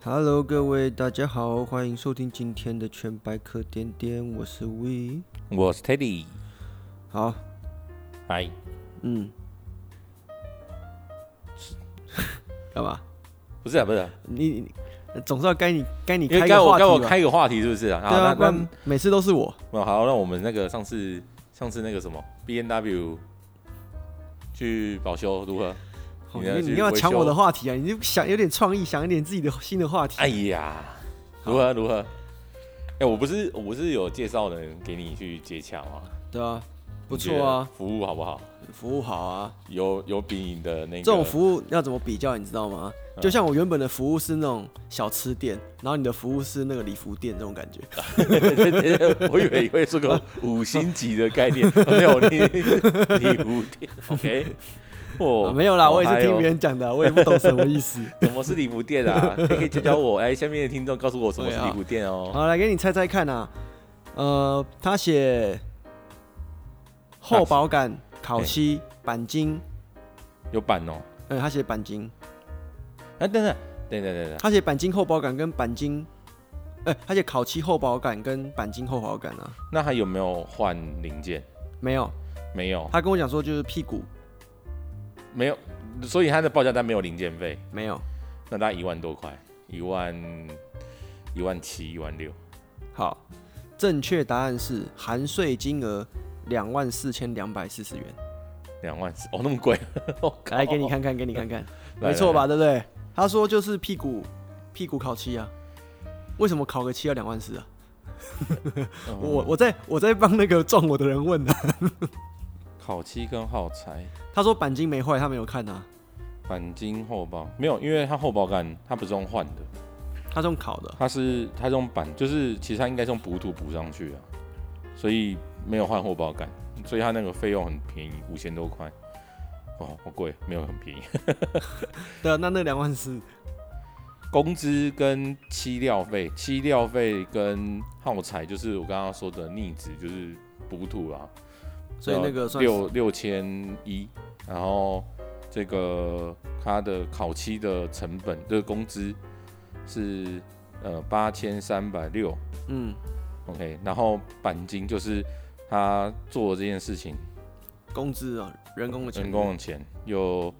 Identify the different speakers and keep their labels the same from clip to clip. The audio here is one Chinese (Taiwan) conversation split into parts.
Speaker 1: Hello，各位，大家好，歡迎收聽今天的全百科點點，我是 We，
Speaker 2: 我是 Teddy，好拜
Speaker 1: 嗯，幹 嘛？不是啊，不是啊，你，你總是要該你該你開，該我該我開個話題是不是啊？好對啊，那那每次都是我。
Speaker 2: 那好，那我們那個上次上次那個什麼 BMW 去保修，如何？ Oh, 你，你，你要搶我的
Speaker 1: 話題啊？你就想有點創意，想一點自己的新的話題。哎呀，
Speaker 2: 如何如何？哎、欸，我不是，我不是有介紹人給你去接洽嗎？
Speaker 1: 對啊，不錯啊，
Speaker 2: 服務好不好？
Speaker 1: 服務好啊，有有比你的那個、這種服務要怎麼比較？你知道嗎、嗯？就像我原本的服務是那種小吃店，然後你的服務是那個禮服店這種感覺。 我以為你會說個五星級的概念， 哦、沒有禮 服店。OK。
Speaker 2: 哦、啊，沒有啦，哦、我也是聽別人講的，哦、我，也講的 我也不懂什麼意思。什麼是禮服店啊？ 可以教教我。哎、欸，下面的聽眾告訴我什麼是禮服店哦、喔啊。好，
Speaker 1: 來給你猜猜看啊。呃，他寫後保桿、烤漆、鈑、欸、金，有板哦、喔欸。他寫鈑金、欸。等等等，
Speaker 2: 等，對對對對，他寫
Speaker 1: 鈑金後保桿跟鈑金，欸，他寫烤漆後保桿跟鈑金後保桿啊。那還有
Speaker 2: 沒有換零件？沒有，沒有。他跟我講說就是屁股。沒有，所以他的報價單沒有零件費。沒有，
Speaker 1: 那大概一萬多塊，一萬，一萬七，一萬六。好，正確答案是含稅金額兩萬四千兩百四十元。兩萬四，哦，那麼貴、 哦哦。來給你看看，給你看看。對對對，沒錯吧？對不對？他說就是屁股，屁股烤漆啊。為什麼烤個漆要兩萬四啊？ 我我在我在幫那個撞我的人問他、啊。 烤漆跟耗材，他說钣金沒壞，他沒有看吶、啊。钣金後保
Speaker 2: 沒有，因為他後保桿他不是用換的，他是用烤的。他是他用板就是其實他應該用補土補上去了，所以沒有換後保桿，所以他那個費用很便宜，五千多塊。哦，好貴，沒有很便宜。
Speaker 1: 對啊，那那兩萬四，
Speaker 2: 工資跟漆料費，漆料費跟耗材就是我剛剛說的膩子就是補土啦。哦、所以那個六六千一，6, 6100, 然後這個他的烤漆的成本，這個工資是呃八千三百六，8360，嗯，OK，然後鈑金就是他做這件事情，
Speaker 1: 工資啊，人工的，錢，人工的錢、
Speaker 2: 嗯、又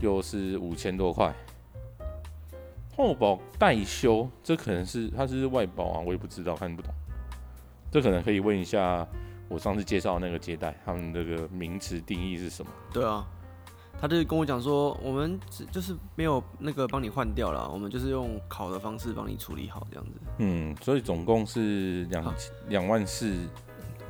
Speaker 2: 又是五千多塊，後保代修，這可能是他是，是外包啊，我也不知道看不懂，這可能可以問一下。我上次介紹的那個接待，他們那個名詞定
Speaker 1: 義是什麼？對啊，他就跟我講說，我們只就是沒有那個幫你換掉了，我們就是用烤的方式幫你處理好這樣子。
Speaker 2: 嗯，所以總共是兩兩萬四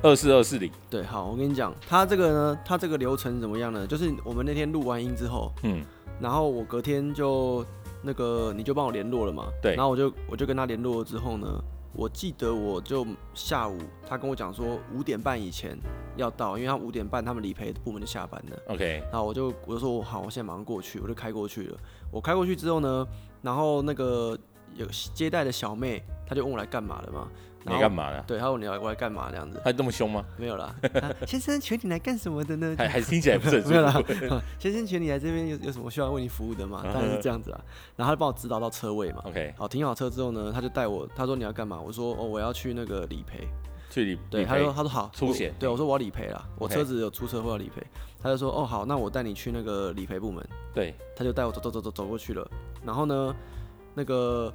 Speaker 1: 二四二四零。對，好，我跟你講，他這個呢，他這個流程怎麼樣呢？就是我們那天錄完音之後，嗯，然後我隔天就那個你就幫我聯絡了嘛，對，然後我就我就跟他聯絡了之後呢。我記得我就下午，他跟我講說五點半以前要到，因為他五點半他們理賠部門就下班了。OK，然後我就我就說我好，我現在馬上過去，我就開過去了。我開過去之後呢，然後那個有接待的小妹，她就問我來幹嘛的嘛。你幹嘛？對，他問我你要過來幹嘛這樣子。他這麼兇嗎？沒有啦。 啊、先生，請你來幹什麼的呢？還還聽起來不是 沒有啦。 先生，請你來這邊有有什麼需要為你服務的嗎？ 當然是這樣子啊。然後他幫我指導到車位嘛。OK。好，停好車之後呢，他就帶我。他說你要幹嘛？我說哦，我要去那個理賠。去理理賠。對，他說他說好。出險。對，我說我要理賠啦，我車子有出車禍要理賠。Okay. 他就說哦好，那我帶你去那個理賠部門。對。他就帶我走，走走走走走過去了。然後呢，那個。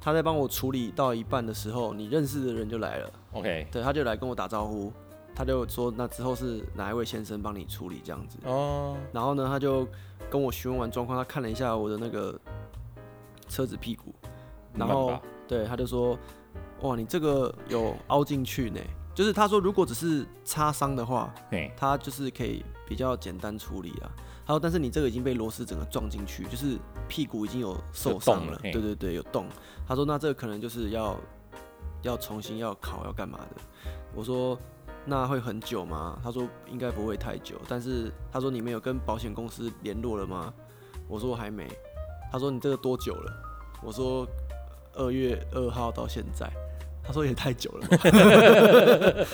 Speaker 1: 他在幫我處理到一半的時候，你認識的人就來了。OK，對，他就來跟我打招呼，他就說那之後是哪一位先生幫你處理這樣子？哦、oh，然後呢，他就跟我詢問完狀況，他看了一下我的那個車子屁股，然後對他就說哇，你這個有凹進去呢。就是他說如果只是擦傷的話，okay. 他就是可以比較簡單處理啊。他說，但是你這個已經被螺絲整個撞進去，就是屁股已經有受傷了，了。對對對，有洞。他說：“那這個可能就是要，要重新要考，要幹嘛的？”我說：“那會很久嗎？”他說：“應該不會太久。”但是他說：“你沒有跟保險公司聯絡了嗎？”我說：“還沒。”他說：“你這個多久了？”我說：“二月二號到現在。”他說，也太久了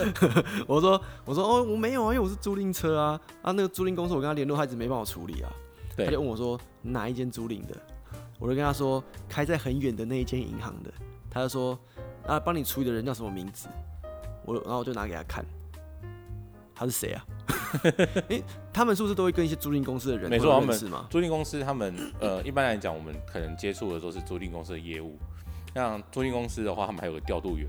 Speaker 1: 我，我說我說哦，我沒有啊，因為我是租賃車啊，啊那個租賃公司我跟他聯絡，他一直沒辦法處理啊，他就問我說，哪一間租賃的？我就跟他說開在很遠的那一間銀行的，他就說那、啊、幫你處理的人叫什麼名字？我然後我就拿給他看，他是誰啊、 欸？他們是不是都會跟一些租賃公司的人，他們是嗎？租
Speaker 2: 賃公司他們呃，一般來講我們可能接觸的都是租賃公司的業務。像租賃公司的話，他們還有個調度員，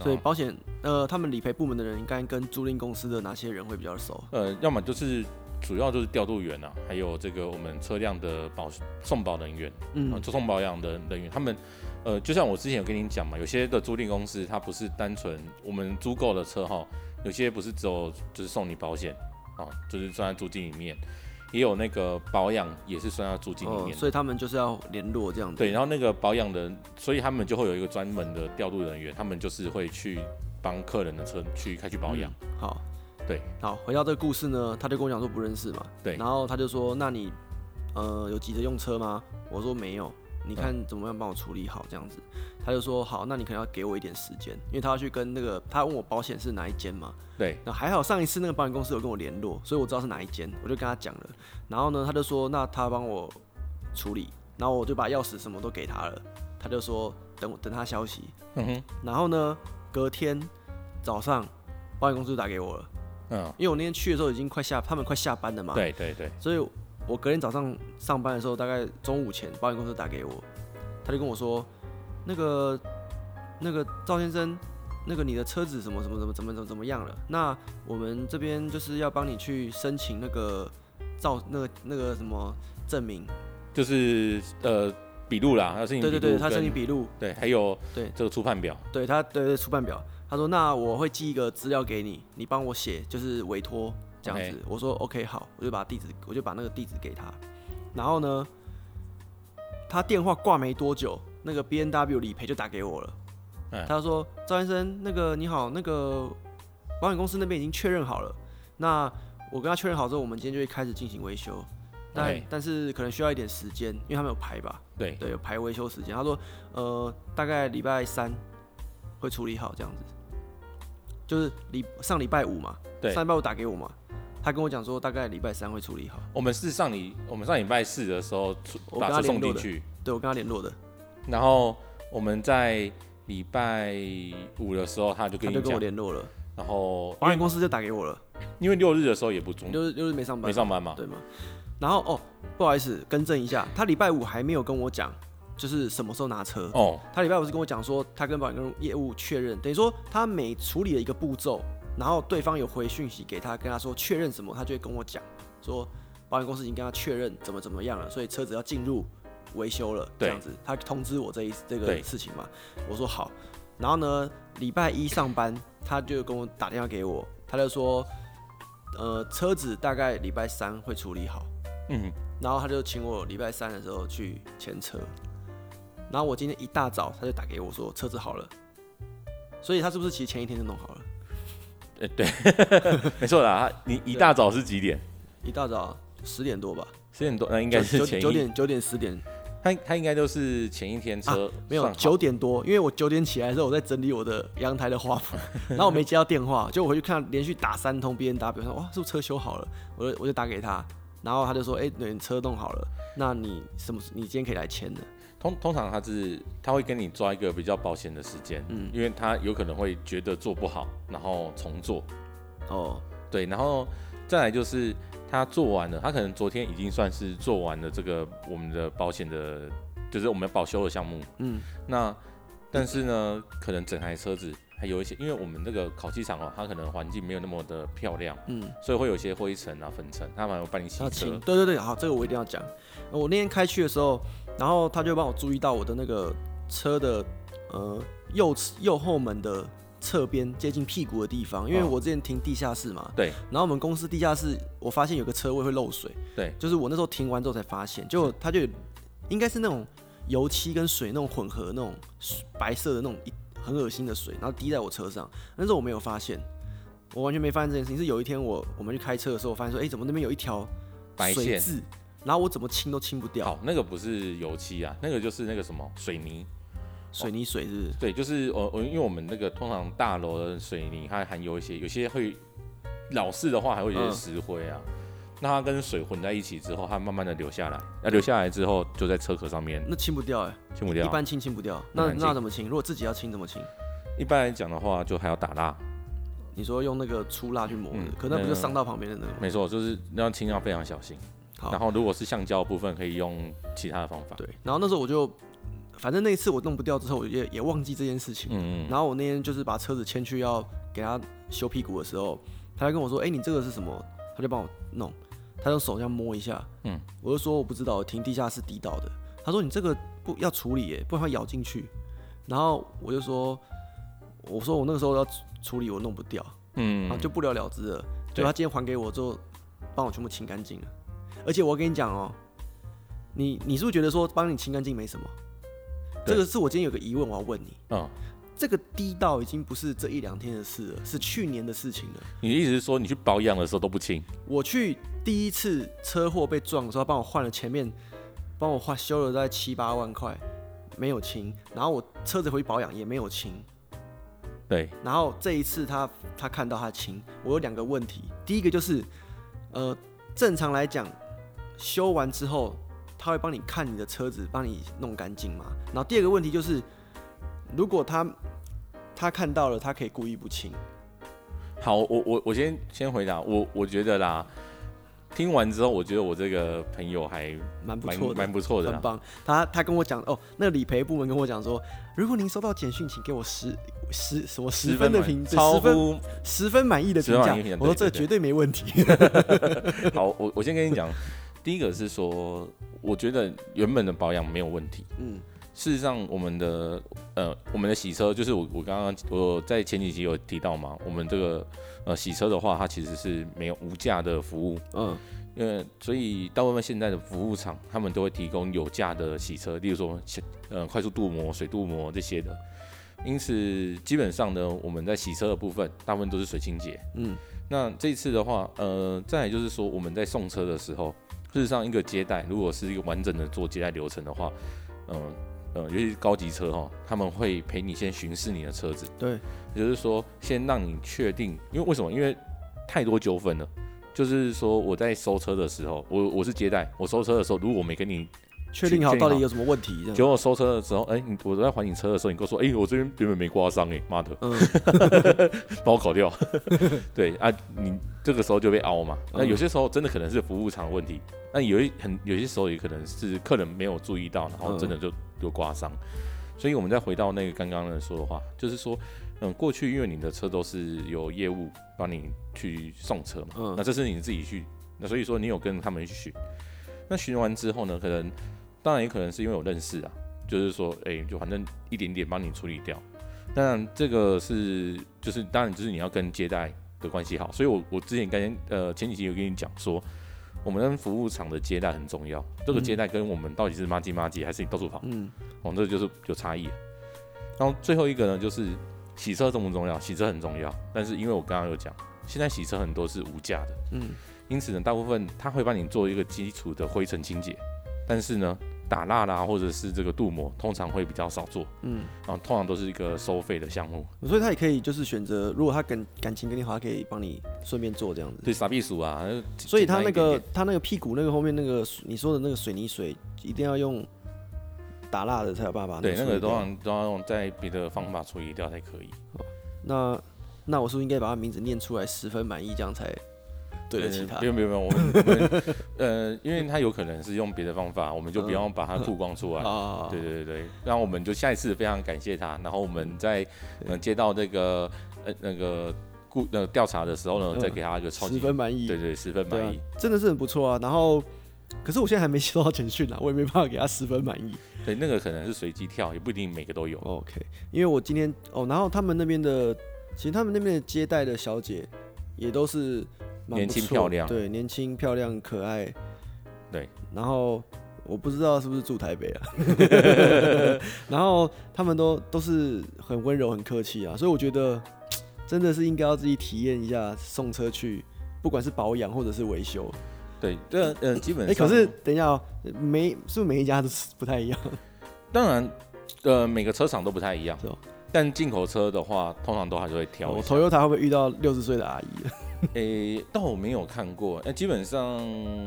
Speaker 2: 所以保
Speaker 1: 險呃，他們理賠部門的人應該跟租賃公司的哪些人會比較熟？
Speaker 2: 呃，要麼就是主要就是調度員吶、啊，還有這個我們車輛的保送保人員，
Speaker 1: 嗯，做送保
Speaker 2: 養的人員，嗯、他們呃，就像我之前有跟你講嘛，有些的租賃公司它不是單純我們租購的車哈，有些不是只有就是送你保險啊，就是算在租金裡面。也有那個保養也是算在租金裡面的。哦，所以他們就是要聯絡這樣子。對，然後那個保養的，所以他們就會有一個專門的調度人員，他們就是會去幫客人的車去開去保養。嗯。好，對，
Speaker 1: 好，回到這個故事呢，他就跟我講說不認識嘛。對，然後他就說，那你呃有急着用車嗎？我說沒有。你看怎麼樣幫我處理好這樣子，他就說好，那你可能要給我一點時間，因為他要去跟那個，他問我保險是哪一間嘛。對。那還好，上一次那個保險公司有跟我聯絡，所以我知道是哪一間，我就跟他講了。然後呢，他就說那他幫我處理，然後我就把鑰匙什麼都給他了。他就說等我等他消息。嗯
Speaker 2: 哼。
Speaker 1: 然後呢，隔天早上，保險公司就打給我了。嗯。因為我那天去的時候已經快下，他們快下班了嘛。對對對。所以。我隔天早上上班的時候，大概中午前，保險公司打給我，他就跟我說，那個、那個趙先生，那個你的車子什麼什麼什麼怎麼怎怎麼樣了？那我們這邊就是要幫你去申請那個造那個那個什麼證明，就是
Speaker 2: 呃筆錄啦，申請筆錄，對對對，他申請筆錄，對，還有對這個初判表，
Speaker 1: 對，他的初判表，他說，那我會寄一個資料給你，你幫我寫，就是委托。這樣子，我說 OK 好，我就把地址，我就把那個地址給他。然後呢，他電話掛沒多久，那個 B N W 理賠就打給我了。嗯，他說：“趙先生，那個你好，那個保險公司那邊已經確認好了。那我跟他確認好之後，我們今天就會開始進行維修。但、Okay. 但是可能需要一點時間，因為他們有排吧？對，對，有排維修時間。他說，呃，大概禮拜三會處理好，這樣子，就是禮上禮拜五嘛。對，上禮拜五打給我嘛。”他跟我講說，大概禮拜三會處理好。我們是上禮，我們上
Speaker 2: 禮拜四的時候出，我跟他聯絡的把車送進去，對我跟他聯絡的。然後我們在禮拜五的時候
Speaker 1: 他，他就跟你我聯絡了。然後保險公司就打給我了，啊，因為六日的時候也不中，六六日沒上班，沒上班嘛，對嘛，然後哦，不好意思，更正一下，他禮拜五還沒有跟我講，就是什麼時候拿車哦。他禮拜五是跟我講說，他跟保險公司業務確認，等於說他每處理了一個步驟。然後對方有回訊息給他，跟他說確認什麼，他就會跟我講說保險公司已經跟他確認怎麼怎麼樣了，所以車子要進入維修了對，這樣子他通知我這一這個事情嘛，我說好，然後呢禮拜一上班他就跟我打電話給我，他就說呃車子大概禮拜三會處理好，嗯，然後他就請我禮拜三的時候去牽車，然後我今天一大早他就打給我說車子好了，所以他是不是其實前一天就弄好了？呃、欸，對， 沒錯啦。你一大早是幾點？一大早十點多吧，十點多那應該是九點九點十點，他他應該都是前一天車、啊、沒有九點多，因為我九點起來的時候我在整理我的陽台的花盆， 然後我沒接到電話，就我回去看連續打三通 B N W 說哇是不是車修好了，我就我就打給他，然後他就說哎、欸、你車弄好了，那你什麼你今天可以來簽的？
Speaker 2: 通通常他是他會跟你抓一個比較保險的時間，嗯，因為他有可能會覺得做不好，然後重做，哦，對，然後再來就是他做完了，他可能昨天已經算是做完了這個我們的保險的，就是我們保修的項目，嗯，那但是呢、嗯，可能整台車子還有一些，因為我們這個烤漆廠哦，它可能環境沒有那麼的漂亮，嗯，所以會有一些灰塵啊粉
Speaker 1: 塵，他還會幫你洗車，對對對，好，這個我一定要講，我那天開去的時候。然後他就幫我注意到我的那個車的呃右右後門的側邊接近屁股的地方，因為我之前停地下室嘛。哦。對。然後我們公司地下室，我發現有個車位會漏水。對。就是我那時候停完之後才發現，就他就應該是那種油漆跟水那種混合那種白色的那種很噁心的水，然後滴在我車上。那時候我沒有發現，我完全沒發現這件事情。是有一天我我們去開車的時候，我發現說，哎，怎麼那邊有一條水白線？然後我怎麼清都清不掉。好，那個不是油漆啊，那
Speaker 2: 個就是那個什麼水泥，水泥水是不是？對，就是我我因為我們那個通常大樓的水泥它含有一些，有些會老式的話還會有一些石灰啊、嗯，那它跟水混在一起之後，它慢慢的流下來，那流下來之後就在車殼上面。那清不
Speaker 1: 掉哎，清不掉，欸清不掉啊，一般清清不掉。那，嗯、那怎麼清？如果自己要清怎麼清？一般來講的話，就還要打蠟。你說用那個粗蠟去磨，嗯，可那不就傷到旁邊的那個嗎那？沒錯，就是
Speaker 2: 那樣清要非常小心。然後如果是橡膠部分，可以用其他的方法。對，
Speaker 1: 然後那時候我就，反正那一次我弄不掉之後，我也也忘記這件事情。嗯。然後我那天就是把車子牽去要給他修屁股的時候，他就跟我說：“哎、欸，你這個是什麼？”他就幫我弄，他用手這樣摸一下。嗯。我就說我不知道，停地下室地道的。他說：“你這個不要處理，耶，不然會咬進去。”然後我就說：“我說我那個時候要處理，我弄不掉。”嗯。然後就不了了之了。對。他今天還給我之後，幫我全部清乾淨了。而且我跟你講哦、喔，你你是不是覺得說幫你清乾淨沒什麼？這個是我今天有個疑問，我要問你。嗯，這個低到已經不是這一兩天的事了，是去年的事情了。
Speaker 2: 你的意思是說，你去保養的時候都不清？
Speaker 1: 我去第一次車禍被撞的時候，他幫我換了前面，幫我換修了大概七八萬塊，沒有清。然後我車子回去保養也沒有清。
Speaker 2: 對。
Speaker 1: 然後這一次他他看到他清，我有兩個問題。第一個就是，呃，正常來講。修完之後，他會幫你看你的車子，幫你弄乾淨嘛。然後第二個問題就是，如果他他看到了，他可以故意不清。
Speaker 2: 好，我我我先先回答我，我覺得啦，聽完之後，我覺得我這個朋友還蠻不錯的，蠻不錯的，很棒。
Speaker 1: 他他跟我講哦，那理賠部門跟我講說，如果您收到簡訊，請給我十十什麼十分的評，這十分十分滿意的評價，我說這絕對沒問題。 好，
Speaker 2: 我我先跟你講。 第一個是說，我覺得原本的保養沒有問題。嗯，事實上，我們的呃，我們的洗車就是我我剛剛我在前幾集有提到嘛，我們這個呃洗車的話，它其實是沒有無價的服務。嗯，因為所以大部分現在的服務廠，他們都會提供有價的洗車，例如說呃快速鍍膜、水鍍膜這些的。因此，基本上呢，我們在洗車的部分，大部分都是水清潔。嗯，那這一次的話，呃，再來就是說我們在送車的時候。事實上，一個接待，如果是一個完整的做接待流程的話，嗯嗯，尤其是高級車哈，他們會陪你先巡視你的車子，對，也就是說先讓你確定，因為為什麼？因為太多糾紛了。就是說我在收車的時候，我我是接待，我收車的時候，如果我沒跟你。確定好到底有什麼問題？結果收車的時候，哎、欸，你我在還你車的時候，你跟我說，哎、欸，我這邊原本沒刮傷、欸，哎，媽的，把我搞掉。嗯、對啊，你這個時候就被凹嘛。那有些時候真的可能是服務場的問題，那有一很有些時候也可能是客人沒有注意到，然後真的就、嗯、就刮傷。所以我們再回到那個剛剛的說的話，就是說，嗯，過去因為你的車都是有業務幫你去送車嘛，嗯、那這是你自己去，那所以說你有跟他們去。那詢問完之後呢？可能，當然也可能是因為我認識啊，就是說，哎、欸，就反正一點點幫你處理掉。但這個是，就是當然就是你要跟接待的關係好。所以我我之前剛才呃前幾期有跟你講說，我們跟服務廠的接待很重要，這個接待跟我們到底是麻吉麻吉還是你到處跑，嗯，哦，這就是有差異。然後最後一個呢，就是洗車重不重要？洗車很重要，但是因為我剛剛有講，現在洗車很多是無價的，嗯。因此呢，大部分他會幫你做一個基礎的灰塵清潔，但是呢，打蠟啦或者是這個鍍膜，通常會比較少做，嗯，然、啊、後通常都是一個收費的項目。
Speaker 1: 所以他也可以就是選擇，如果他感感情跟你好，他可以幫你順便做這樣子。對，
Speaker 2: 傻幣鼠啊。所以他那個點
Speaker 1: 點他那個屁股那個後面那個你說的那個水泥水，一定要用打蠟的才有辦法。對那個都要
Speaker 2: 都要用在別的方法處理掉才可以。
Speaker 1: 那那我是不是應該把他名字念出來，十分滿意這樣才。對的，其他對沒有沒有沒有，我們，我們 呃，因為他有可能是用別的方法，我們就不用把它曝光出來，嗯嗯。
Speaker 2: 對對對，然後我們就下一次非常感謝他，然後我們在接到那個呃那個顧，那個調查的時候呢，嗯，再給他一個超級十分滿意。對，對對，十分滿意，
Speaker 1: 真的是很不錯啊。然後可是我現在還沒收到簡訊呢，我也沒辦法給他十分滿意。
Speaker 2: 對，那個可能是隨機跳，也不一定每個都有。OK，
Speaker 1: 因為我今天哦，然後他們那邊的，其實他們那邊的接待的小姐也都是。年輕漂亮，對，年輕漂亮可愛，對。然後我不知道是不是住台北啊。 然後他們都都是很溫柔、很客氣啊，所以我覺得真的是應該要自己體驗一下送車去，不管是保養或者是維修。
Speaker 2: 對，對，呃，基本上。哎、欸，可是
Speaker 1: 等一下，哦，每是不是每一家都是不太一樣？
Speaker 2: 當然，呃，每個車廠都不太一樣。哦，但進口車的話，通常都還是會挑一。
Speaker 1: Toyota 會不會遇到六十歲的阿姨？
Speaker 2: 誒、欸，倒我沒有看過，那、欸、基本上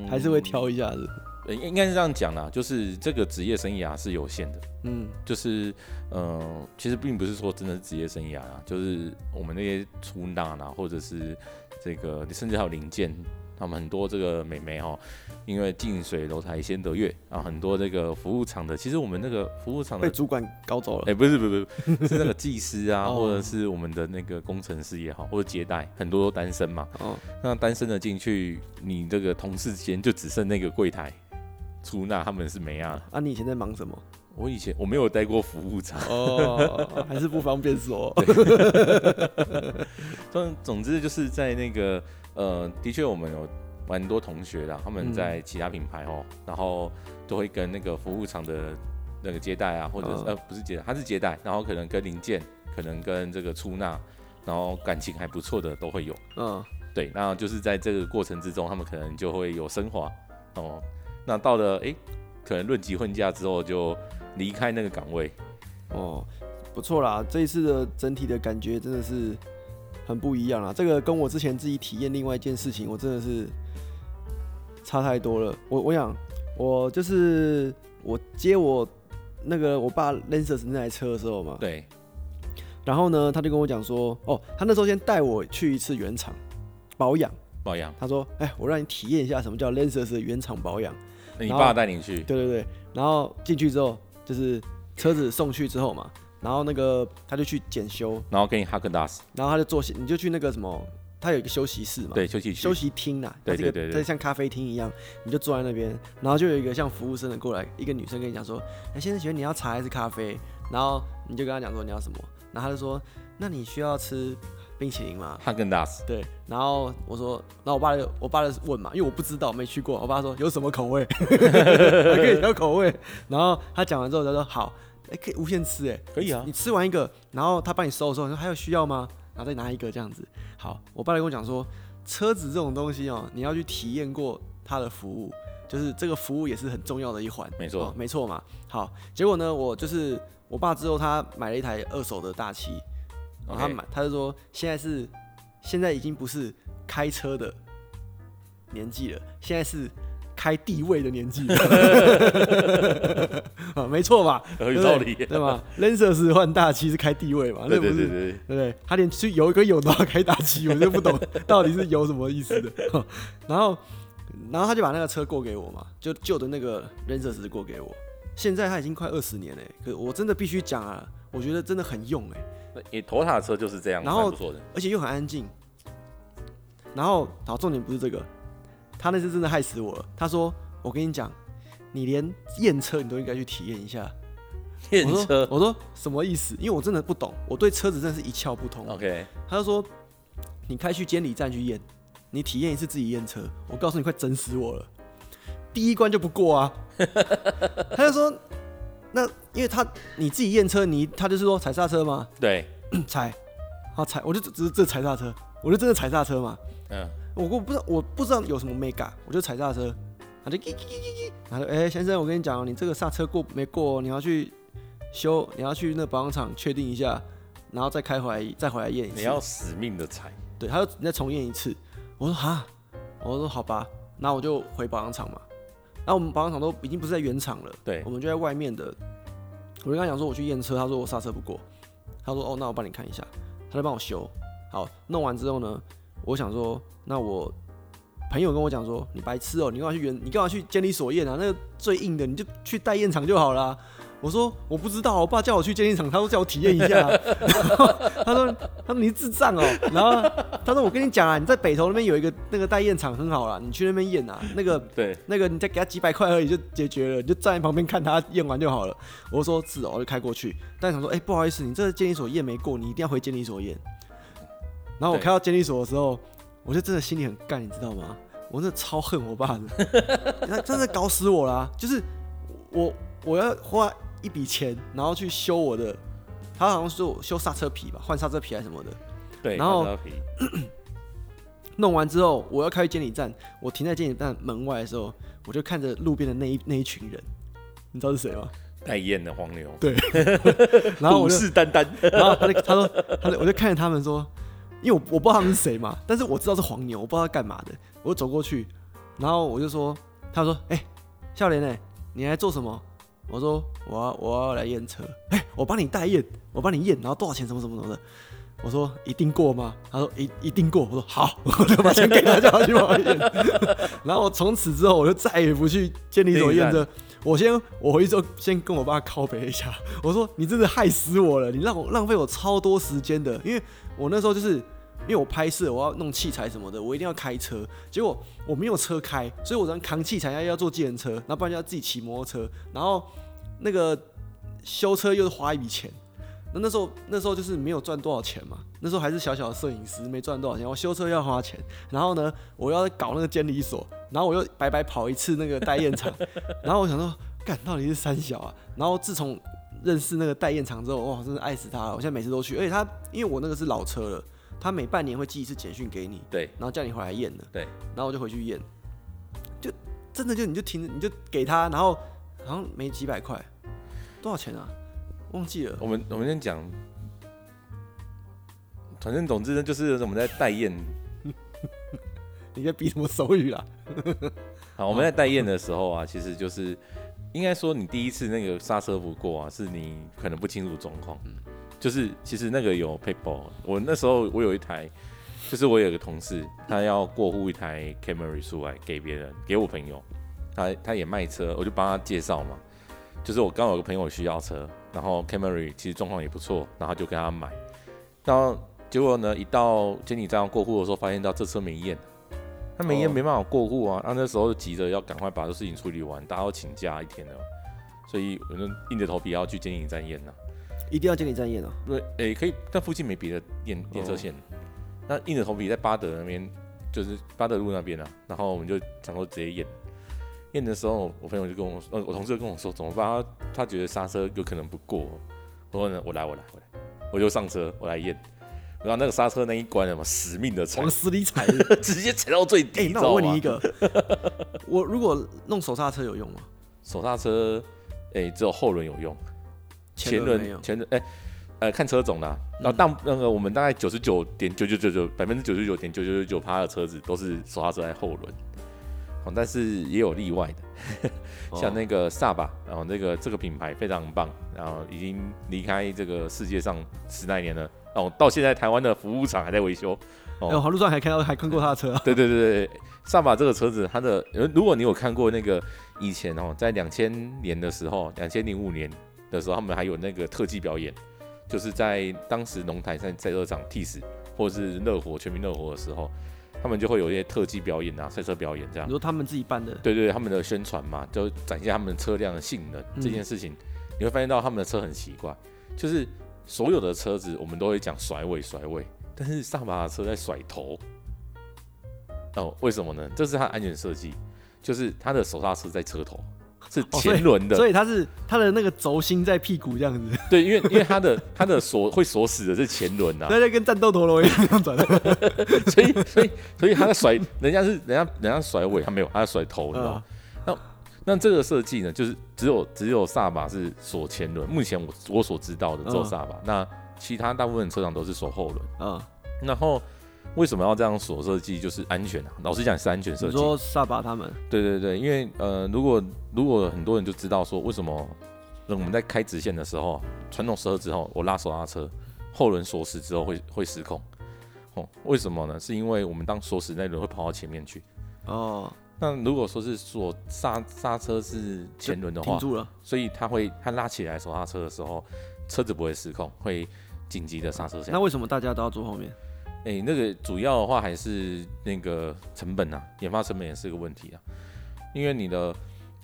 Speaker 2: 還是會挑一下子、嗯欸，應該是這樣講啦，就是這個職業生涯，是有限的，嗯，就是，嗯、呃，其實並不是說真的是職業生涯啊，就是我們那些出納啦，或者是這個，甚至還有零件。他們很多這個美眉哈，因為近水樓台先得月啊，很多這個服務廠的，其實我們那個服務廠的被主管搞走了，哎、欸，不是不是，不是是那個技師啊、 哦，或者是我們的那個工程師也好，或者接待，很多都單身嘛。哦，那單身的進去，你這個同事間就只剩那個櫃台、出納，他們是沒啊。啊，你以前在忙什麼？我以前我沒有待過服務廠哦， 還是不方便說。總 總之就是在那個。呃，的確，我們有蠻多同學啦，他們在其他品牌哦、喔嗯，然後都會跟那個服務廠的那個接待啊，嗯、或者是呃，不是接待，他是接待，然後可能跟零件，可能跟這個出納，然後感情還不錯的都會有。嗯，對，那就是在這個過程之中，他們可能就會有升華。哦、嗯，那到了哎、欸，可能論及婚嫁之後就離
Speaker 1: 開那個崗位。哦，不錯啦，這一次的整體的感覺真的是。很不一樣啊，這個跟我之前自己體驗另外一件事情，我真的是差太多了。我我想，我就是我接我那個我爸 Lexus 那台車的時候嘛，對。然後呢，他就跟我講說，哦，他那時候先帶我去一次原廠保養，保養。他說，哎、欸，我讓你體驗一下什麼叫 Lexus 的原廠保養。那你爸帶你去？對對對。然後進去之後，就是車子送去之後嘛。然後那個他就去檢修，
Speaker 2: 然後給你哈根達斯，
Speaker 1: 然後他就坐，你就去那個什麼，他有一個休息室嘛，對，休息休息廳吶，對，對，對，對，這個像咖啡廳一樣，你就坐在那邊，然後就有一個像服務生的過來，一個女生跟你講說，哎、欸，先生請問你要茶還是咖啡？然後你就跟他講說你要什麼，然後他就說，那你需要吃冰淇淋嘛，哈根達斯。對，然後我說，然後我爸就，我爸就問嘛，因為我不知道，沒去過。我爸說有什麼口味？ 可以調口味。然後他講完之後就，他說好、欸，可以無限吃、欸，哎，可以啊。你吃完一個，然後他幫你收的時候，你說還有需要嗎？然後再拿一個這樣子。好，我爸就跟我講說，車子這種東西哦、喔，你要去體驗過他的服務，就是這個服務也是很重要的一環。沒錯、哦，沒錯嘛。好，結果呢，我就是我爸之後，他買了一台二手的大七。Okay. 然後他買，他就說現在是，現在已經不是開車的年紀了，現在是開地位的年紀了。了、 啊、沒錯吧？有道理，對吧？Lancer 是換大七是開地位嘛？對對對對,對，對,對，他連去游個泳都要開大七，我就不懂到底是有什麼意思的。 然後，然後他就把那個車過給我嘛，就舊的那個 Lancer 是過給我。現在他已經快二十年了，可我真的必須講啊，我覺得真的很用哎。
Speaker 2: 你頭塔車就是這樣，然後做
Speaker 1: 的，而且又很安靜。然後，然後重點不是這個，他那次真的害死我了。他說：“我跟你講，你連驗車你都應該去體驗一下。”
Speaker 2: 驗車？我說，
Speaker 1: 我說什麼意思？因為我真的不懂，我對車子真的是一竅不通。OK，他就說：“你開去監理站去驗，你體驗一次自己驗車。”我告訴你，快整死我了，第一關就不過啊！ 他就說。那因為他你自己驗車，你他就是說踩剎車嘛？對，踩，好踩，我就只是這踩剎車，我就真的踩剎車嘛。嗯，我不我不知道我不知道有什麼沒幹，我就踩剎車，他就嘰嘰嘰嘰嘰，他就，哎、欸，先生，我跟你講你這個剎車過沒過、哦？你要去修，你要去那個保養廠確定一下，然後再開回來，再回來驗一次。你要死命的踩。對，他就你再重驗一次。我說哈，我說好吧，那我就回保養廠嘛。那、啊、我們保養廠都已經不是在原廠了，對，我們就在外面的。我就跟他講說，我去驗車，他說我剎車不過，他說哦，那我幫你看一下，他來幫我修。好，弄完之後呢，我想說，那我朋友跟我講說，你白痴哦、喔，你幹嘛去原，你幹嘛去監理所驗啊？那個最硬的，你就去代驗廠就好了、啊。我說我不知道，我爸叫我去監理廠，他說叫我體驗一下、啊。 他說：“他說你是智障哦。”然後他說：“我跟你講啊，你在北投那邊有一個那個代驗廠很好啊，你去那邊驗啊。那個對，那個你再給他幾百塊而已就解決了，你就站在旁邊看他驗完就好了。”我說：“是哦。”我就開過去，當場說：“哎、欸，不好意思，你這個監理所驗沒過，你一定要回監理所驗。”然後我開到監理所的時候，我就真的心裡很幹，你知道嗎？我真的超恨我爸的，那真的搞死我了。就是我我要花。一筆錢，然後去修我的，他好像是修剎車皮吧，換剎車皮還是什麼的。對，然後咳咳弄完之後，我要開去監理站，我停在監理站門外的時候，我就看着路邊的那一那一群人，你知道是誰嗎？
Speaker 2: 代驗的黃牛。對， 然後虎視眈眈，然後他就他說，我就我就看
Speaker 1: 着他們說，因為我我不知道他們是誰嘛， 但是我知道是黃牛，我不知道他幹嘛的，我就走過去，然後我就說，他說，哎，少年呢，你來做什麼？我說我、啊、我要、啊、來驗車，哎、欸，我幫你代驗，我幫你驗，然後多少錢？什麼什麼什麼的？我說一定過嗎？他說一一定過。我說好，我就把錢給他就好我，叫他去跑驗。然後從此之後，我就再也不去監理所驗車。我先我回去之後先跟我爸靠北一下。我說你真的害死我了，你讓我浪費我超多時間的，因為我那時候就是。因為我拍攝，我要弄器材什麼的，我一定要開車。結果我沒有車開，所以我只能扛器材要要坐計程車，那不然就要自己騎摩托車。然後那個修車又是花一筆錢。那那時候那時候就是沒有賺多少錢嘛，那時候還是小小的攝影師，沒賺多少錢。我修車要花錢，然後呢，我要搞那個監理所，然後我又白白跑一次那個代驗場。然後我想說，幹，到底是三小啊？然後自從認識那個代驗場之後，哇，真的愛死他了！我現在每次都去，而且他因為我那個是老車了。他每半年會寄一次簡訊給你，對，然後叫你回來驗的，對，然後我就回去驗，就真的就你就停，你就給他，然後好像沒幾百塊，多少錢啊？我忘記了。我們我們先講，反正總
Speaker 2: 之呢，就是我們在代驗，
Speaker 1: 你在比什麼手語啊？
Speaker 2: 好，我們在代驗的時候啊， 其實就是應該說你第一次那個剎車不過啊，是你可能不清楚狀況。嗯就是其實那個有 PayPal，我那時候我有一台，就是我有一個同事他要過戶一台 Camry 出來給別人，給我朋友，他他也賣車，我就幫他介紹嘛。就是我剛好有個朋友需要車，然後 Camry 其實狀況也不錯，然後就跟他買。然後結果呢，一到監理站要過戶的時候，發現到這車沒驗，他沒驗沒辦法過戶啊。那、哦啊、那時候急着要趕快把這事情處理完，大家要請假一天了，所以我就硬着頭皮要去監理站驗了。
Speaker 1: 一定要監理站驗因，
Speaker 2: 對，哎，可以，但附近沒別的驗驗車線，哦，那硬着頭皮在巴德那邊，就是巴德路那邊啊。然後我們就想說直接驗。驗的時候，我朋友就跟我說，我同事就跟我說，怎麼辦？他他覺得剎車有可能不過。我說呢，我來，我來，我來，我就上車，我來驗。然後那個剎車那一關了，什麼死命的踩。往死裡踩是是 直接踩到最低。那我問你一個， 我如果弄手剎車有用嗎？手剎車，哎，只有後輪有用。前輪前輪哎、欸，呃，看車種了，然後當、嗯、那個我們大概九十九點九九九九百分之九十九點九九九九趴的車子都是手剎車在後輪，哦、喔，但是也有例外的，呵呵哦、像那個薩巴、喔，然後那個這個品牌非常棒，然後已經離開這個世界上十來年了，哦、喔，到現在台灣的服務廠還在維修，哦、喔，欸、
Speaker 1: 路上還看到還看過他的車、啊嗯，對
Speaker 2: 對對對，薩巴這個車子它的呃，如果你有看過那個以前哦、喔，在兩千年的時候，兩千零五年。的時候，他們還有那個特技表演，就是在當時龍潭賽車場 TIS，或是樂活全民樂活的時候，他們就會有一些特技表演啊，賽車表演這樣。比如他們自己辦的？對對，對他們的宣傳嘛，就展現他們車輛的性能這件事情、嗯，你會發現到他們的車很奇怪，就是所有的車子我們都會講甩尾甩尾，但是薩博的車在甩頭。哦，為什麼呢？這是它安全設計，就是它的手剎車在車頭。是前輪的、哦，所以它
Speaker 1: 是它的那個軸心在屁股這樣子。
Speaker 2: 對，因為因為它的它 的鎖會鎖死的是前輪啊，對
Speaker 1: 對，跟戰鬥陀螺一樣轉。所以
Speaker 2: 所以所以他在甩， 人家是人家人家甩尾，他沒有，他在甩頭，你知道，嗯、那那這個設計呢，就是只有只有 Saab 是鎖前輪，目前我我所知道的只有 Saab，那其他大部分的車廠都是鎖後輪。嗯，然後。為什麼要這樣鎖設計？就是安全啊！老實講是安全設計。你說
Speaker 1: 沙巴他們？
Speaker 2: 對對對，因為呃，如果如果很多人就知道說，為什麼那我們在開直線的時候，傳統十二之後我拉手剎車，後輪鎖死之後會會失控。哦，為什麼呢？是因為我們當鎖死那輪會跑到前面去。哦。那如果說是鎖剎剎車是前輪的話，停住了，所以他會它拉起來手剎車的時候，車子不會失控，會緊急的剎車。哦。那為
Speaker 1: 什麼大家都要坐後面？
Speaker 2: 誒、欸，那個主要的話還是那個成本啊，研發成本也是個問題啊。因為你的，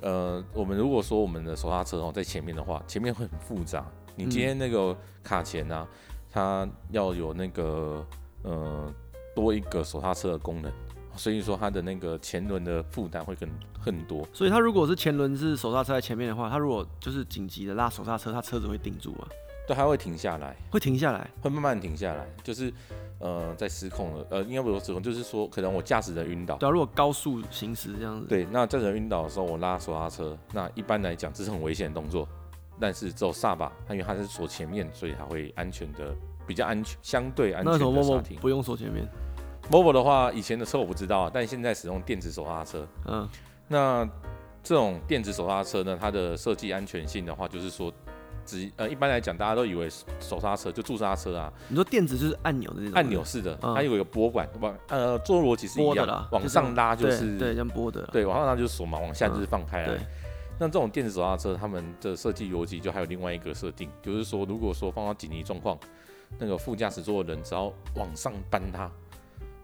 Speaker 2: 呃，我們如果說我們的手剎車哦在前面的話，前面會很複雜。你今天那個卡鉗啊、嗯，它要有那個，嗯、呃，多一個手剎車的功能，所以說它的那個前輪的負擔會更
Speaker 1: 更多。所以它如果是前輪是手剎車在前面的話，它如果就是緊急的拉手剎車，它車子會定住啊。對，它會停下來，會停下來，會慢慢停下來，就是，呃，
Speaker 2: 在失控了，呃，應該不是失控，就是說，可能我駕駛人暈倒。假、啊、如果高速行駛這樣子。對，那駕駛人暈倒的時候，我拉手剎車，那一般來講，這是很危險的動作，但是走煞把，它因為它是鎖前面，所以它會安全的，比較安全，相對安全的。那 mobile
Speaker 1: 不用鎖前面。
Speaker 2: mobile 的話，以前的車我不知道、啊，但現在使用電子手剎車。嗯。那這種電子手剎車呢，它的設計安全性的話，就是說。呃，一般來講，大家都以為手剎車就駐剎車啊。
Speaker 1: 你說電子就是按鈕的那種，按鈕式的，嗯、它有
Speaker 2: 一個撥桿，往呃做邏輯是一樣的，往上拉就是就像對，撥的，對，往上拉就是鎖嘛，往下就是放開來。嗯、那這種電子手剎車，他們的設計邏輯就還有另外一個設定，就是說，如果說放到緊急狀況，那個副駕駛座的人只要往上扳它，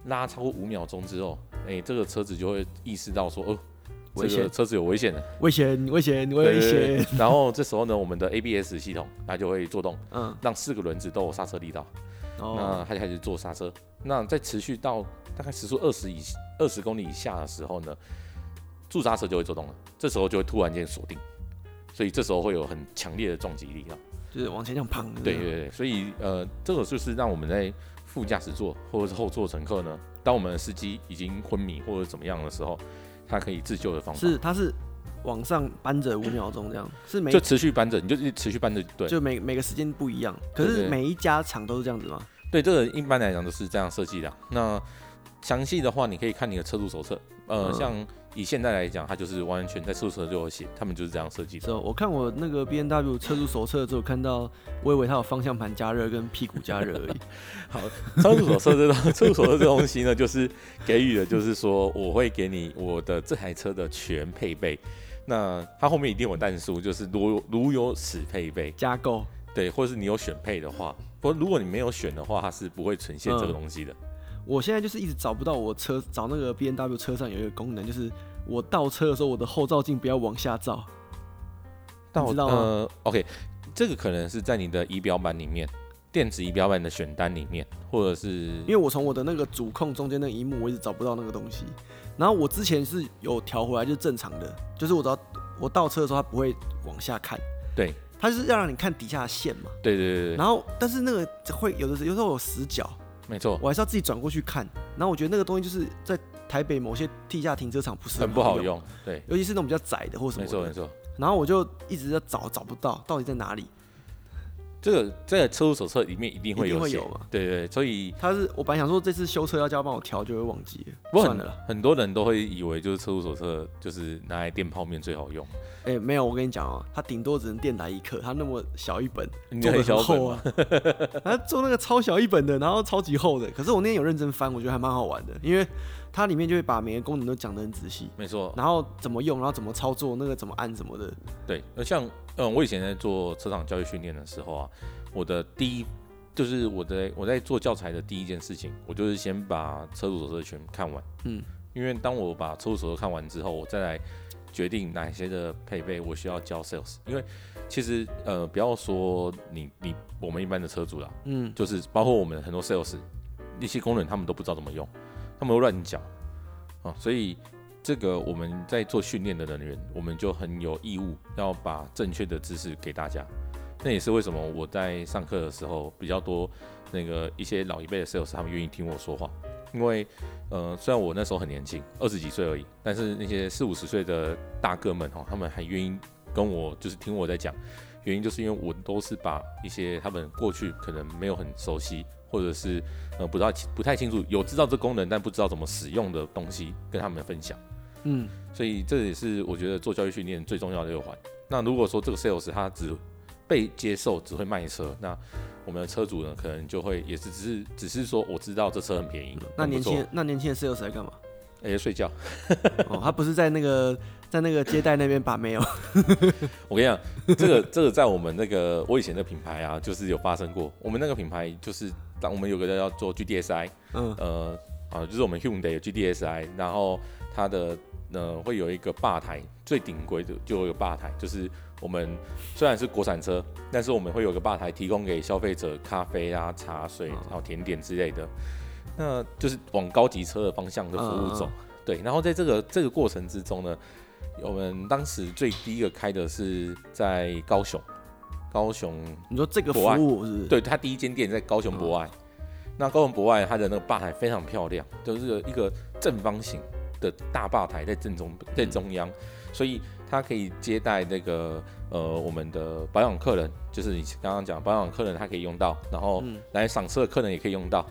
Speaker 2: 拉超過五秒鐘之後，哎、欸，這個車子就會意識到說，哦、呃。這個車子有危險的，
Speaker 1: 危險，危險，危險。
Speaker 2: 然後這時候呢，我們的 ABS 系統，它就會做動，嗯，讓四個輪子都有剎車力道。哦，那它就開始做剎車。那在持續到大概時速二十以二十公里以下的時候呢，駐剎車就會做動了。這時候就會突然間鎖定，所以這時候會有很強烈的撞擊力啊，就
Speaker 1: 是往前這樣碰。對對對，
Speaker 2: 所以呃，這個就是讓我們在副駕駛座或者是後座乘客呢，當我們的司機已經昏迷或者怎麼樣的時候。它可以自救的方法是，
Speaker 1: 它是往上扳着五秒鐘這樣，欸、是每就持
Speaker 2: 續扳着，你就持續扳着，
Speaker 1: 對，就每每個時間不一樣。可是每一家廠都是這樣子嗎？嗯
Speaker 2: 對？對，這個一般來講都是這樣設計的。那詳細的話，你可以看你的車主手冊。呃，嗯、像。以現在來
Speaker 1: 講，它就是完全在宿舍所後寫，他們就是這樣設計。是、so,，我看我那個 BMW 車主手冊之後，看到我以為它有方向盤加熱跟屁股加熱而已。 好，廁所設置，廁 所的這東
Speaker 2: 西呢，就是給予的就是說，我會給你我的這台車的全配備。那它後面一定有但書，就是如如有此配備
Speaker 1: 加購，對，或者是你有選配的話，不過，如果你沒有選的話，它是不會呈現這個東西的。嗯。我現在就是一直找不到我車，找那個 B N W 車上有一個功能，就是我倒車的時候，我的後照鏡不要往下照。但我知道，呃
Speaker 2: ，OK，這個可能是在你的儀表板裡面，電子儀表板的選單裡面，或者是因為
Speaker 1: 我從我的那個主控中間那一幕，我一直找不到那個東西。然後我之前是有調回來，就是正常的，就是我倒我倒車的時候，它不會往下看。對，它就是要讓你看底下的線嘛。
Speaker 2: 對對對，對。然後，
Speaker 1: 但是那個會有的時候有時，有時候有死角。沒錯，我還是要自己轉過去看。然後我覺得那個東西就是在台北某些地下停車場不是很，很不好用，對，尤其是那種比較窄的或什麼。沒錯沒錯。然後我就一直在找，找不到到底在哪裡。
Speaker 2: 這個在、這個、車主手冊裡面一定會有修，會有嘛，對對，所以
Speaker 1: 他是我本來想說這次修車要叫他幫我調，就會忘記不算了，
Speaker 2: 很多人都會以為就是車主手冊就是拿來墊泡面最好用。
Speaker 1: 哎，沒有，我跟你講哦，他頂多只能墊來一刻，他那麼小一本，做得很厚啊，小 做那個超小一本的，然後超級厚的。可是我那天有認真翻，我覺得還蠻好玩的，因為。它裡面就會把每個功能都講的很仔細，沒錯。然後怎麼用，然後怎麼操作，那個怎麼按什麼的。
Speaker 2: 對，那像，嗯，我以前在做車廠教育訓練的時候啊，我的第一，就是我的，我在做教材的第一件事情，我就是先把車主手冊全部看完，嗯，因為當我把車主手冊看完之後，我再來決定哪些的配備我需要教 sales，因為其實，呃，不要說你你我們一般的車主啦，嗯，就是包括我們很多 sales，一些功能他們都不知道怎麼用。他們沒亂講，啊，所以這個我們在做訓練的人員，我們就很有義務要把正確的知識給大家。那也是為什麼我在上課的時候比較多那個一些老一輩的 sales，他們願意聽我說話，因為呃，雖然我那時候很年輕，二十幾歲而已，但是那些四五十歲的大哥們哈，他們很願意跟我就是聽我在講。原因就是因為我都是把一些他們過去可能沒有很熟悉，或者是嗯，不知道不太清楚有知道這功能但不知道怎麼使用的東西跟他們分享，嗯，所以這也是我覺得做教育訓練最重要的一環。那如果說這個 sales 他只被接受只會賣車，那我們的車主呢可能就會也是只是只是說我知道這車很便宜。嗯，那年輕
Speaker 1: 那年輕的 sales 在幹嘛？在、欸、睡覺。 哦，他不是在那個。在那個接待那邊吧，沒有 。
Speaker 2: 我跟你講，這個這個在我們那個我以前的品牌啊，就是有發生過。我們那個品牌就是，當我們有個叫做 GDSI，嗯呃啊，就是我們 Hyundai 有 GDSI，然後它的呃會有一個吧台，最頂規的就有吧台，就是我們雖然是國產車，但是我們會有一個吧台，提供給消費者咖啡啊、茶水，然後甜點之類的。嗯、那就是往高級車的方向的服務走。嗯嗯對，然後在這個這個過程之中呢。我們當時最第一個開的是在高雄，高雄博
Speaker 1: 愛。你說這個服務是？
Speaker 2: 對，他第一間店在高雄博愛、嗯。那高雄博愛他的那個吧台非常漂亮，就是一個正方形的大吧台在正中，在中央，嗯、所以它可以接待那個呃我們的保養客人，就是你剛剛講保養客人他可以用到，然後來賞車的客人也可以用到。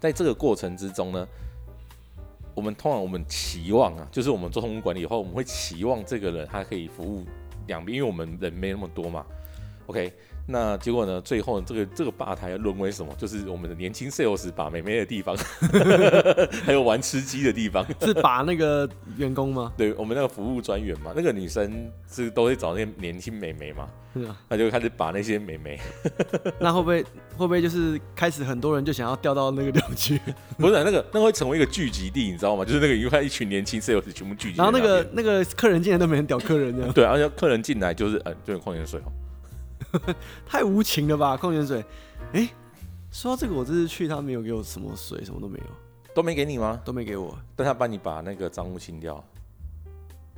Speaker 2: 在這個過程之中呢。我們通常我們期望啊，就是我們做通路管理以後，我們會期望這個人他可以服務兩邊，因為我們人沒那麼多嘛。OK，那結果呢？最後這個這個吧台要淪為什麼？就是我們的年輕 sales 把妹妹的地方， 還有玩吃雞的地方，是把那個員工嗎？對，我們那個服務專員嘛，那個女生是都會找那些年輕妹妹嘛，他、啊、就開始把那些妹妹。
Speaker 1: 那會不會會不會就是開始很多人就想要調到那個地方去？
Speaker 2: 不是、啊、那個，那個、會成為一個聚集地，你知道嗎？就是那個因為一群年輕 sales 全部聚集，然後那個
Speaker 1: 那個客人進來都沒人屌客人這樣，
Speaker 2: 對、啊，而且客人進來就是嗯、呃，就是礦泉水
Speaker 1: 太無情了吧，礦泉水。誒、欸，說到這個，我這次去他沒有給我什麼水，什麼都沒有，都沒給你嗎？都沒給我。等下幫你把那個髒物清掉。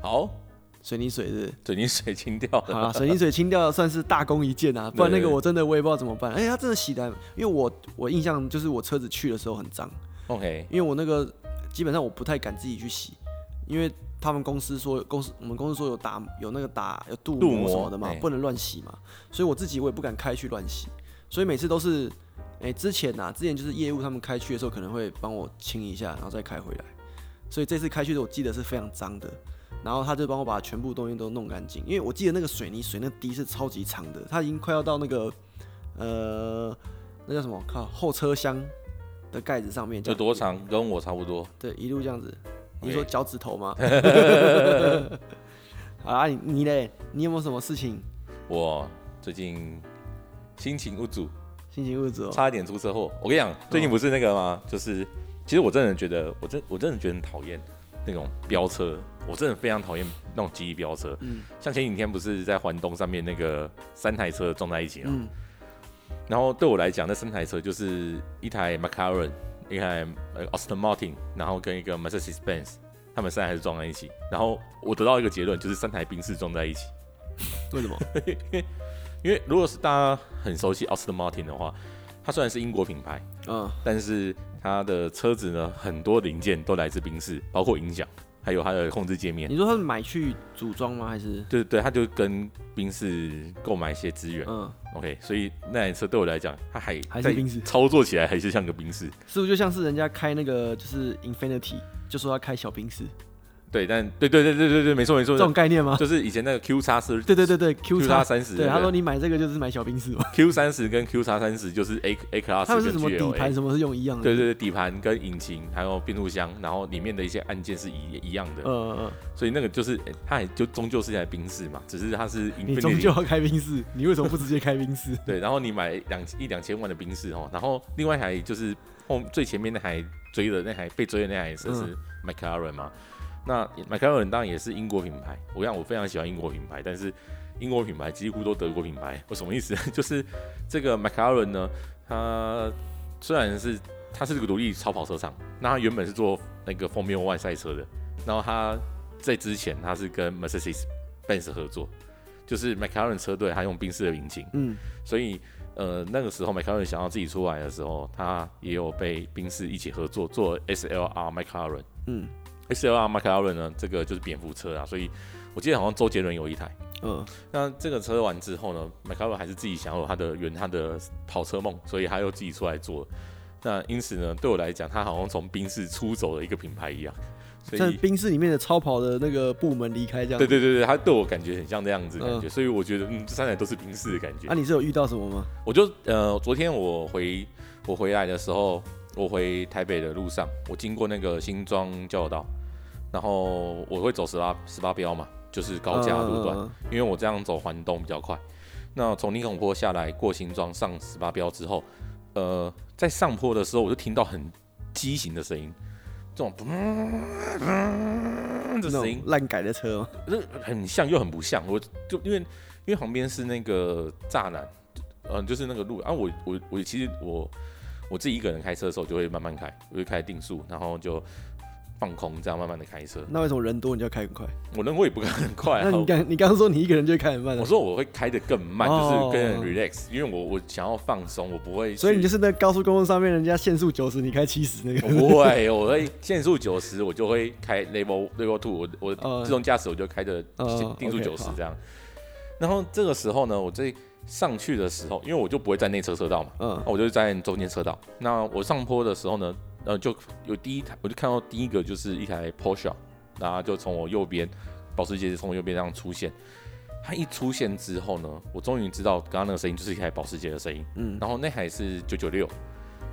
Speaker 2: 好，水泥水是，是。水泥水清掉好、啊。好水泥水
Speaker 1: 清掉算是大功一件啊。 不然那個我真的我也不知道怎麼辦。哎、欸，他真的洗的，因為我我印象就是我車子去的時候很髒。OK。因為我那個基本上我不太敢自己去洗，因為。他們公司說，公司我們公司說有打有那個打有鍍膜什麼的嘛，不能亂洗嘛、欸，所以我自己我也不敢開去亂洗，所以每次都是誒、欸、之前吶、啊，之前就是業務他們開去的時候可能會幫我清一下，然後再開回來，所以這次開去的時候我記得是非常髒的，然後他就幫我把全部東西都弄乾淨，因為我記得那個水泥水那滴是超級長的，他已經快要到那個呃那叫什麼靠後車廂的蓋子上
Speaker 2: 面，有多長跟我差不多，
Speaker 1: 對，一路這樣子。Okay. 你說腳趾頭嗎？啊， 你呢？你有沒有什麼事情？
Speaker 2: 我最近心情不主，
Speaker 1: 心情不主，差一點出車禍、哦。我跟你講，最近不是那
Speaker 2: 個嗎、哦？就是，其實我真的覺得，我真，我真的覺得很討厭那種飆車。我真的非常討厭那種激烈飆車、嗯。像前幾天不是在環東上面那個三台車撞在一起了。嗯、然後對我來講，那三台車就是一台麥拉倫你看呃，Aston Martin，然後跟一個 Mercedes-Benz，他們三台還是撞在一起。然後我得到一個結論，就是三台賓士撞在一起。為什麼？ 因為如果是大家很熟悉 Aston Martin 的話，它雖然是英國品牌，uh... 但是它的車子呢，很多零件都來自賓士，包括音響。還有它的控制界面。你說它是買去組裝嗎？還是？對對，它就跟賓士購買一些資源。嗯，OK，所以那輛車對我來講，它還還是賓士，操作起來還是像個士是賓士。
Speaker 1: 是不是就像是人家開那個就是 Infinity，就說要開小賓士？
Speaker 2: 對，但對對對對對對，沒錯沒錯，這種概念嗎？就是以前那個 Q 叉四，對對對對，Q 叉三十，對、對、對、對、對，他說
Speaker 1: 你買這個就是買小賓士嘛
Speaker 2: ，Q 三十跟 Q 叉三十就是 A A class，它有什麼底盤什麼
Speaker 1: 是用一樣的？對
Speaker 2: 對對，底盤跟引擎還有變速箱，然後裡面的一些按鍵是一一樣的，嗯嗯，所以那個就是、欸、它還就終究是台賓士嘛，只是它是 Infinity, 你終究要
Speaker 1: 開賓士，你為什麼不直接開賓士？
Speaker 2: 對，然後你買兩一兩千萬的賓士哦，然後另外還就是後最前面那台追的那台被追的那台也是、嗯、是 McLaren 嘛。那 McLaren 當然也是英國品牌，我講，我非常喜歡英國品牌，但是英國品牌幾乎都德國品牌。我什麼意思？就是這個 McLaren 呢，它雖然是它，是個獨立超跑車廠，那它原本是做那個 Formula One 賽車的。然後它在之前它，是跟 Mercedes Benz 合作，就是 McLaren 車隊它，用賓士的引擎。嗯。所以呃，那個時候 McLaren 想要自己出來的時候，它也有被賓士一起合作做 SLR McLaren 嗯。S.L.R. McLaren 呢？這個就是蝙蝠車啊，所以我記得好像周杰倫有一台。嗯，那這個車完之後呢 McLaren 還是自己想要他的圓他的跑車夢，所以他又自己出來做。那因此呢，對我來講，他好像從賓士出走的一個品牌一樣。在
Speaker 1: 賓士裡面的超跑的那個部門離開這樣。對對對
Speaker 2: 對，他對我感覺很像這樣子感覺、嗯，所以我覺得嗯，這三台都是賓士的感覺。那、啊、你是
Speaker 1: 有遇到什麼嗎？
Speaker 2: 我就呃，昨天我回我回來的時候，我回台北的路上，我經過那個新莊交流道。然後我會走十八十八標嘛，就是高架路段，呃、因為我這樣走環東比較快。那從立孔坡下來，過新莊上十八標之後，呃，在上坡的時候我就聽到很畸形的聲音，這種噗噗噗噗噗的，的聲音爛改的車、喔，這很像又很不像。我就因為因為旁邊是那個柵欄，嗯、呃，就是那個路。啊我，我我我其實我我自己一個人開車的時候就會慢慢開，我就開定速，然後就。放空，這樣慢慢的開車。那
Speaker 1: 為什麼人多，你就要開很快？
Speaker 2: 我人多也不開很快。 那你剛你剛剛
Speaker 1: 說你一個人就會開很慢。我說我會
Speaker 2: 開的更慢，哦、就是跟 relax，、哦、因為我我想要放鬆，我不會。所以你就是
Speaker 1: 在高速公路上面，人家限速九十，你開七十那個是不是？我不會，我會
Speaker 2: 限速九十，我就會開 level level two，我、哦、我自動駕駛，我就開着定速九十這樣、哦 okay。然後這個時候呢，我在上去的時候，因為我就不會在內側車，車道嘛，嗯，我就在中間車道。那我上坡的時候呢？然、呃、後就有第一台，我就看到第一個就是一台 Porsche，然後就從我右邊，保時捷就從我右邊這樣出現。它一出現之後呢，我終於知道剛剛那個聲音就是一台保時捷的聲音。嗯，然後那台是996，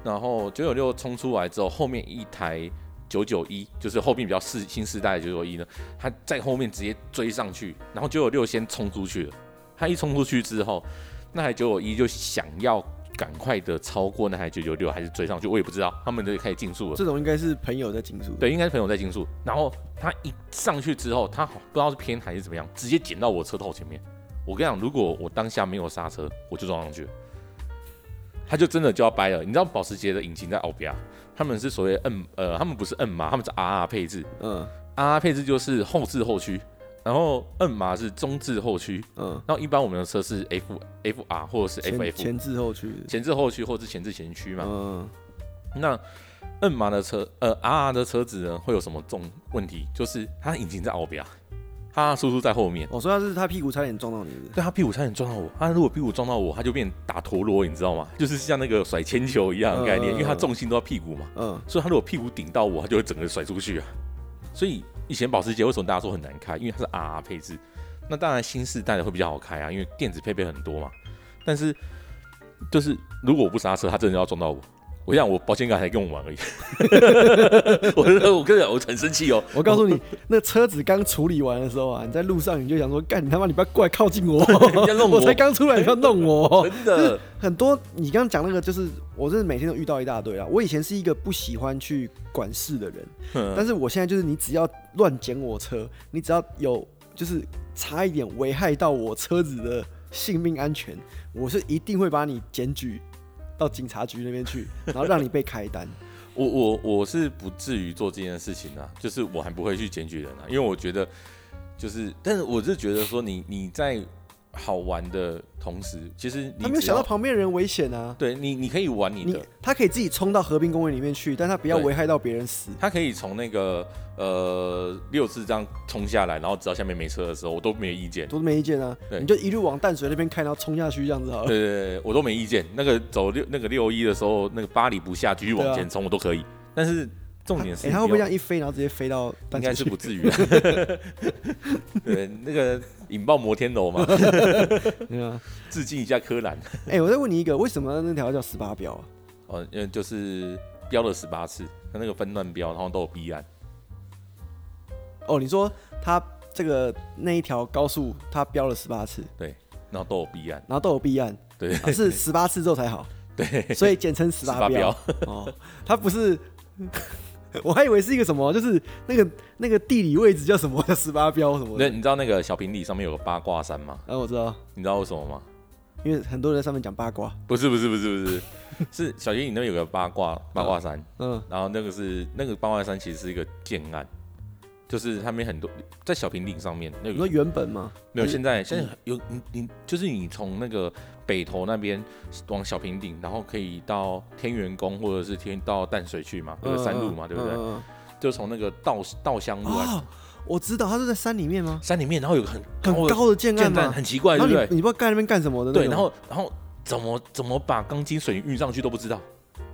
Speaker 2: 然後996衝出來之後，後面一台991，就是後面比較是新世代的991呢，它在後面直接追上去，然後996先衝出去了。它一衝出去之後，那台991就想要。趕快的超過那台九九六，還是追上去？我也不知道，他們就開始競速了。這種
Speaker 1: 應該是朋友在競速，
Speaker 2: 對，應該是朋友在競速。
Speaker 1: 然後他一上去之後，他好
Speaker 2: 不知道是偏還是怎麼樣，直接撿到我車頭前面。我跟你講，如果我當下沒有剎車，我就撞上去，他就真的就要掰了。你知道保時捷的引擎在奧比亞，他們是所謂 N 呃，他們不是 N 嘛？他們是 r 配置，嗯，RR 配置就是後置後驅。然後恩馬是中置後驅，嗯，那一般我們的車是 F F R 或者是 F F 前，前置後驅，前置後驅，置後驅或是前置前驅嘛，嗯，那恩馬的車，呃 R R 的車子呢，會有什麼重問題？就是它引擎在後邊，它輸出在後面。我
Speaker 1: 說它是它屁股差點撞到你的，對，它屁股差點撞到我。
Speaker 2: 它如果屁股撞到我，它就變打陀螺，你知道嗎？就是像那個甩鉛球一樣的概念，嗯，因為它重心都要屁股嘛，嗯，所以它如果屁股頂到我，它就會整個甩出去啊。所以以前保時捷為什麼大家說很難開？因為它是 R 配置。那當然新世代的會比較好開啊，因為電子配備很多嘛。但是就是如果我不剎車，它真的要撞到我。我想，我保險桿才用完而已。 我我跟你講，我很生氣哦。 我告訴你，
Speaker 1: 那車子剛處理完的時候啊，你在路上你就想說，幹 你他媽，你不要過來靠近我， 我，我才剛出來你要弄我。 真的，很多你剛剛講那個，就是我真的每天都遇到一大堆啦。我以前是一個不喜歡去管事的人，嗯，但是我現在就是，你只要亂剪我車，你只要有就是差一點危害到我車子的性命安全，我是一定會把你檢舉。到警察局那邊去，然後讓你被開單。 我
Speaker 2: 我我是不至於做這件事情的啊，就是我還不會去檢舉人啊，因為我覺得就是，但是我是覺得說你你在。好玩的同時，其實你沒有想到旁
Speaker 1: 邊的人危險啊！
Speaker 2: 對你，你可以玩你的，你
Speaker 1: 他可以自己衝到和平公園裡面去，但他不要危害到別人死。
Speaker 2: 他可以從那個呃六四這樣衝下來，然後只要下面沒車的時候，我都沒意見，都是
Speaker 1: 沒意見啊。對，你就一路往淡水那邊開然後衝下去這樣子好了。對
Speaker 2: 對對，我都沒意見。那個走六那個六一的時候，那個八里不下，繼續往前衝、啊、我都可以，
Speaker 1: 但是。重點是，他會不會這樣一飛，然後直接飛到？應該是不至於。 對，那個引爆摩天樓嘛。
Speaker 2: 致 敬一下柯南。哎
Speaker 1: 欸，我再問你一個，為什麼那條叫十八標啊？
Speaker 2: 哦，因為就是標了十八次，它那，那個分段標，然後都有弊案。
Speaker 1: 哦，你說它這個那一條高速，它標了十八次，對，
Speaker 2: 然後都有弊案。
Speaker 1: 然後都有弊案，對，是十八次之後才好，對，所以簡稱十八標。哦，它不是。 我還以為是一個什麼，就是那個那個地理位置叫什麼，叫十八標什麼的？
Speaker 2: 那你知道那個小平頂上面有個八卦山嗎？哎、嗯，我知道。你知道為什麼嗎？
Speaker 1: 因為很多人在上面講八卦。
Speaker 2: 不是不是不是不是，不是，是， 是小杰，你那邊有個八卦八卦山。嗯。嗯。然後那個是那個八卦山，其實是一個建案，就是他們很多在小平頂上面。那有個
Speaker 1: 原本嗎？沒有，現在現
Speaker 2: 在有、嗯、你你就是你從那個。北投那邊往小平頂，然後可以到天元宮，或者是天到淡水去嘛，就是山路嘛，呃、對不對？呃、就從那個稻稻香路啊、哦，
Speaker 1: 我知道，它是在山裡面嗎？山裡面，然後有個很很高的建案，很奇怪，對不對？你，你不知道蓋那邊幹什麼的？對，然後然後
Speaker 2: 怎麼怎麼把鋼筋水泥運上去都不知道，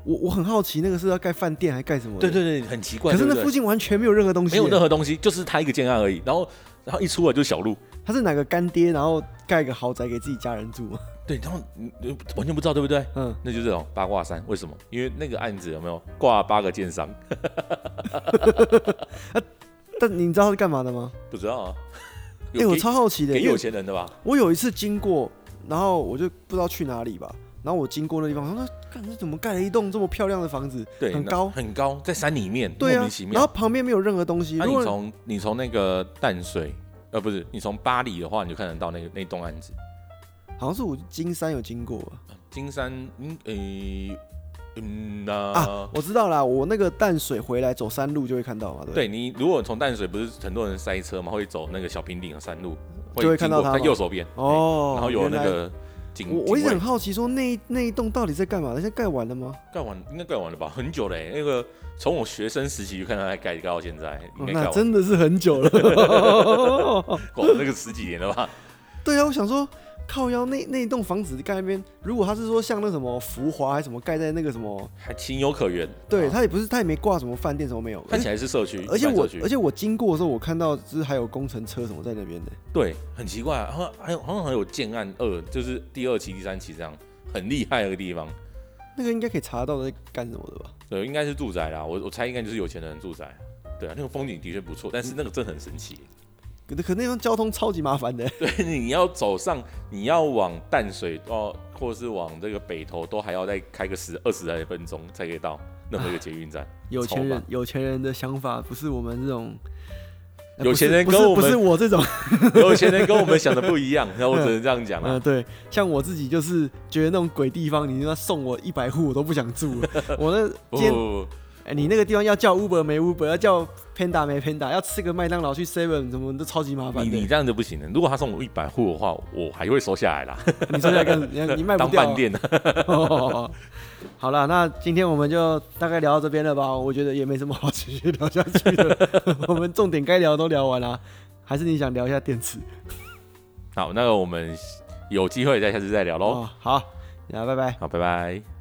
Speaker 1: 我我很好奇，那個是要蓋飯店還是蓋什麼？對對
Speaker 2: 對，很奇怪。可是那附近
Speaker 1: 完全沒有任何東西、欸，沒有任何
Speaker 2: 東西、欸，就是他一個建案而已。然後然後一出來就是小路。
Speaker 1: 他是哪個乾爹？然後蓋個豪宅給自己家人住？對，然後完全不知道，對不對？
Speaker 2: 嗯，那就是這種八卦山。為什麼？因為那個案子有沒有掛八個奸商
Speaker 1: 啊？但你知道他是幹嘛的嗎？不知道啊。對、欸、我超好奇的，給有錢人的吧。我有一次經過，然後我就不知道去哪裡吧。然後我經過那地方，他說：“幹這怎麼蓋了一棟這麼漂亮的房子？對，很高，
Speaker 2: 很高，在山裡面，對、啊、莫名其妙、然後
Speaker 1: 旁邊沒有任何東西。那、啊、你從
Speaker 2: 你從那個淡水？”呃，不是，你從巴黎的話，你就看得到那個那棟案子，好
Speaker 1: 像是我金山有經過吧。
Speaker 2: 金山，嗯，誒、欸，嗯、呃、啊，
Speaker 1: 我知道啦，我那個淡水回來走山路就會看到嘛。對，
Speaker 2: 對你，如果從淡水不是很多人塞車嘛，會走那個小坪頂的山路，就會看到它右手邊哦、欸，然後有那個。我一直很好
Speaker 1: 奇，說那一那一棟到底在幹嘛？現在蓋完了嗎？
Speaker 2: 蓋完應該蓋完了吧？很久嘞、欸，那個從我學生時期就看到在蓋，蓋到現在，哦、那真的是很久了， 夠那個十幾年了吧 ？
Speaker 1: 對啊，我想說。靠腰，那那一棟房子蓋那邊，如果他是說像那什麼浮華還是什麼蓋在那個什麼，
Speaker 2: 還情有可原。對、啊、他也不
Speaker 1: 是，他也沒掛什麼飯店什麼，沒有，看
Speaker 2: 起來是社區。而且我而且
Speaker 1: 我經過的時候，我看到就是還有工程車什麼在那邊的。
Speaker 2: 對，很奇怪、啊還有，好像好像好像有建案二，就是第二期、第三期這樣，很厲害那個地方。
Speaker 1: 那個應該可以查得到在幹什麼的吧？
Speaker 2: 對，應該是住宅啦。我我猜應該就是有錢的人住宅。對啊，那個風景的確不錯，但是那個真很神奇。嗯
Speaker 1: 可可，那邊交通超級麻煩的。
Speaker 2: 對，你要走上，你要往淡水，或或是往這個北投，都還要再開個十二十來分鐘，才可以到任何一個捷運站、啊。有錢人，
Speaker 1: 有錢人的想法不是我們這種。呃、有錢人跟我們不是，不是我這種，有錢人跟我們想的不一樣。那 我只能這樣講了、啊。嗯、啊，對，像我自己就是覺得那種鬼地方，你就算送我一百戶，我都不想住了。 我那不，不，不，不哎、欸，你那個地方要叫 Uber 沒 Uber，要叫 Panda 沒 Panda，要吃個麥當勞去 Seven，什麼都超級麻煩，你，
Speaker 2: 你這樣子不行的。如果他送我一百戶的話，我還會收下來啦。 你收下來，你你賣不掉、喔。當飯店了 oh, oh,
Speaker 1: oh. 好了，那今天我們就大概聊到這邊了吧？我覺得也沒什麼好繼續聊下去的。 我們重點該聊都聊完了、啊，還是你想聊一下電池？
Speaker 2: 好，那個、我們有機會再下次再聊嘍。Oh,
Speaker 1: 好，來、啊、拜拜。好，拜拜。